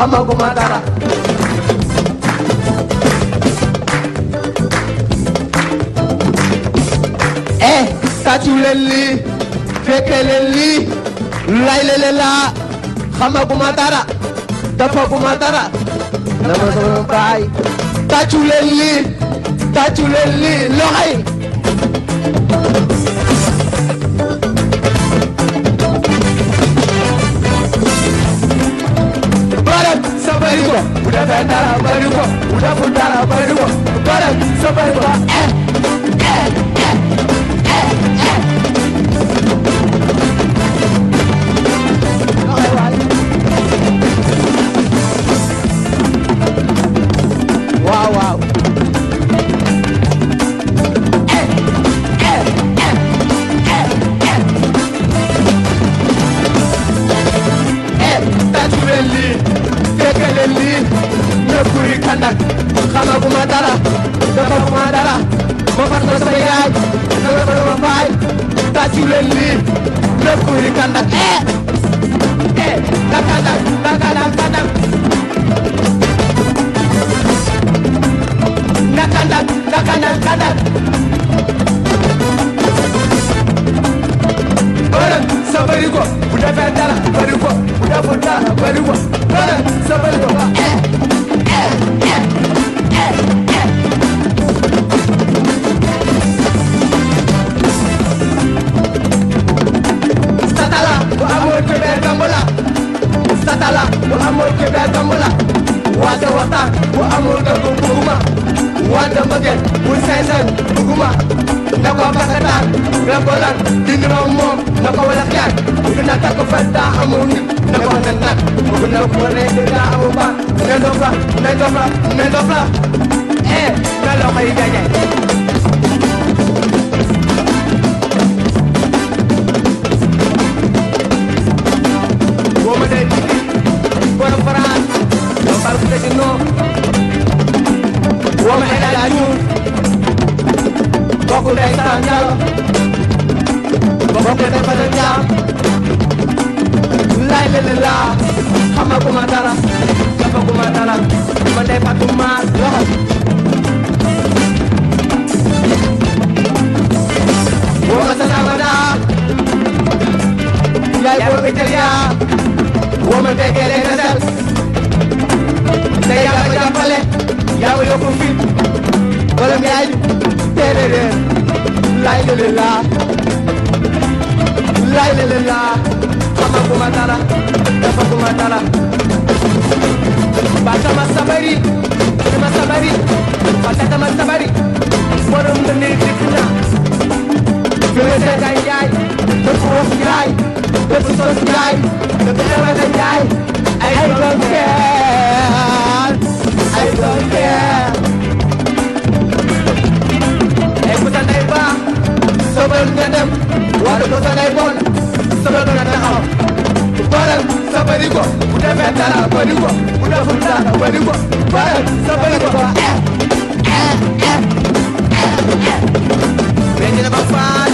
Kamago Madara. Eh, Satuleli, Fekeleli, Lailelela, Kamago Madara, Tafago Madara, Namazo Bai, Tatuleli, Tatuleli, Lorraine. Uda fenda, bari ko, uda funda, bari ko, bara, sabari ko, eh. tàccu leen lii lépp kuy kandak eh eh la kandak la kandak kandak la kandak la kandak kandak bëggee muy sincère bëgguma na ko basataan ren ko lan dindi ma moom na ko wala xaar bëgg na takk fan daa amul na ko na nag na ko rek daa amul ba ne dof la ne dof la ne na loxo yi alhamdulillah xamaguma dara defaguma dara ma day fatuma loxo woo ko sasamada yaay boo italia woo ma fekkee leen nasal te yaa ko jàppale yaa ko yokku fit wala yaay teere reer laay lele laa laay lele laa defaguma dara defaguma dara batama sabari dama sabari batatama sabari borom na ne dëkk na féete da njaay dëkk wof njaay dëkk sos njaay dëkk dama da njaay ay doom unafunga unafunga unafunga baya sabali kwa Prende na bafari,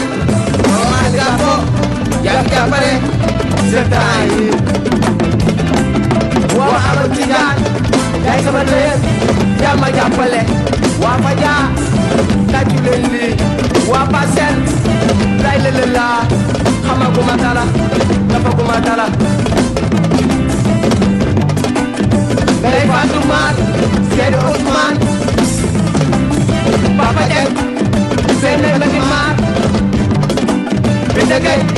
mwana gapo, ya kapare, zetai Wa arotigan, ya isabale, ya majapale Wa maja, tajuleli, wa pasel, la ilalela Hama kumatara, Ousmane seede Ousmane Papa Dieng seede Lamine Mar Binta Gueye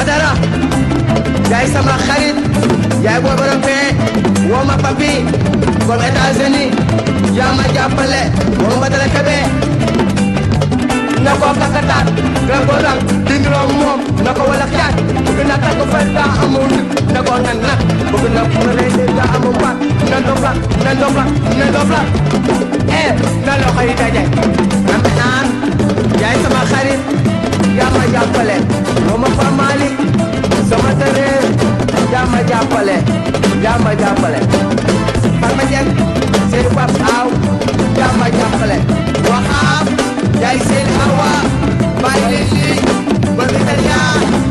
Badara yaay sama xarit yaay booy borom fee woo a papi comme États-Unis yaa ma jàppale woo ma Badara Kebe na ko kakataat grand bolam dindiroo moom na ko wala caat bëgg na takk fay daa amul nit na ko nan nag bëgg na pare daa amul baat na ndofla na ndofla na ndofla eh na loxo yi daje am naan yaay sama xarit yaa ma jàppale mooma Pape Malick sama ma jàppale yaa ma jàppale Fatma Dieng ma jàppale waxaam yaay seen awa bàyyi leen lii ba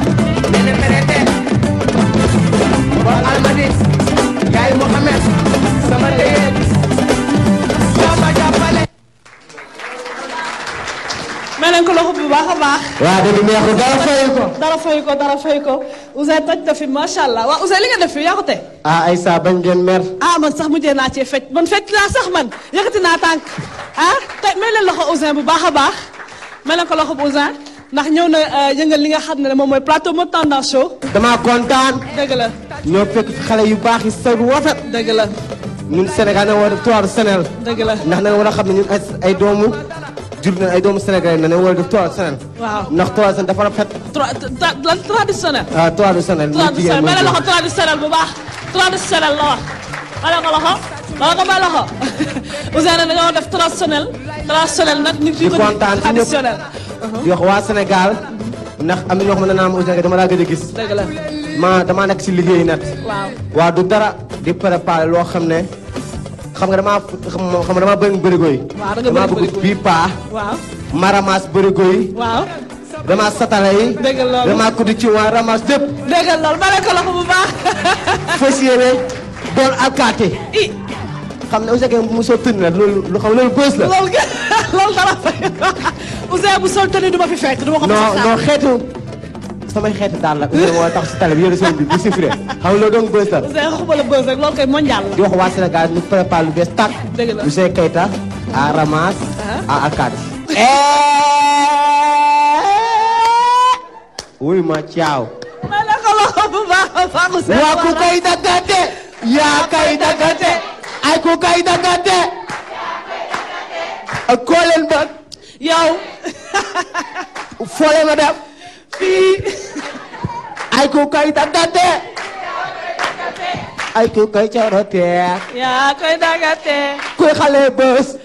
baax. waaw dëgg neexul dara fayu ko. dara fayu ko dara fayu ko Ouzin toj na fi macha allah waaw Ouzin li nga def fi yaa ko tey. ah Aïssa bañ ngeen mer. ah man sax mujjee naa cee fecc man fecc naa sax man yëkkati naa tànk ah tey may leen loxo Ouzin bu baax a baax may leen ko loxo Ouzin ndax ñëw na yëngal li nga xam ne moom mooy plateau Mode Tendance Show. damaa kontaan. dëgg la. ñoo fekk xale yu baax yi seen wafet. dëgg la. ñun Sénégal na war a tuwaaru Sénégal. dëgg la ndax na war a xam ne ñun ay doomu. جبنا ايدوم السنه جاي من اول دكتور السنه واو نختار السنه دفعنا بحط طلعت طلعت السنه اه طلعت السنه طلعت السنه ما لها طلعت السنه المباح طلعت السنه الله انا مالها هذا ما لها وزين انا نقعد في تراسونال تراسونال نجيب تراسونال يا اخوان السنغال نخ امين نخ من نام وزين ما لا قد يجلس ما دمانك سلي هنا واو وادو ترى دي بره بال لو خمنه xam nga damaa xam nga damaa bëri bërigo yi. waaw da nga bëri bërigo yi damaa bëgg bii paa. waaw ma ramasse bërigo yi. waaw ramasse satala yi. dëgg loolu ramasse kudu ci waa ramasse lépp. dëgg loolu bare ko loxo bu baax. fas yéene doon alkaati. xam ne Ouzin Keita mu sol tënni la loolu lu xam loolu bës la. loolu dara Ouzin bu sol tënni du ma fi fekk du ma ko. non non xeetu. samay xeeti daan la moo tax si télé bi yéen seen bi bu chiffré xam loo doon bës la Ouzin waxuma la bës rek loolu kay mondial la di wax waa Sénégal ñu préparé lu bees tàkk dëgg la Ouzin Keita à Ramas uh-huh. à Akad eh! wuy ma ciao ma la ko bu baax a baax Ouzin waa ku kay daggante yaa kay daggante ay ku kay daggante ak koo leen bëgg yow foo leen ma dem 아이고 까이 담갔대 아이고 까이 저렇대 야 까이 담갔대 그 할래 버스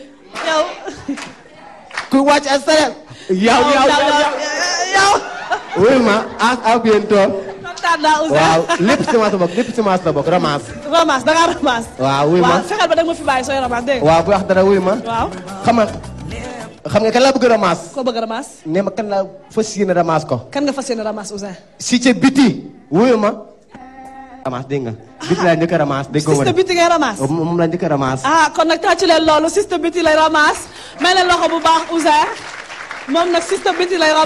그 watch a step yow ma as à bientôt waaw bokk lépp semence bokk romance romance da ngaa waaw wuy ma waaw fexeel ma fi bàyyi sooy romance dégg waaw bu wax dara wuy ma waaw xam nga kan laa bëgg a ramaas. koo bëgg a ramaas. nee ma kan laa fas yéene ramaas ko. kan nga fas yéene ramaas Ouzin. si ca biti wuyu ramaas dégg nga. a ramaas dégg nga. biti ngay ramaas. Oh, moom laa njëkk a ramaas. ah kon nag tàcc leen loolu siste biti lay ramaas may loxo bu baax Ouzin moom nag siste biti lay ramaas.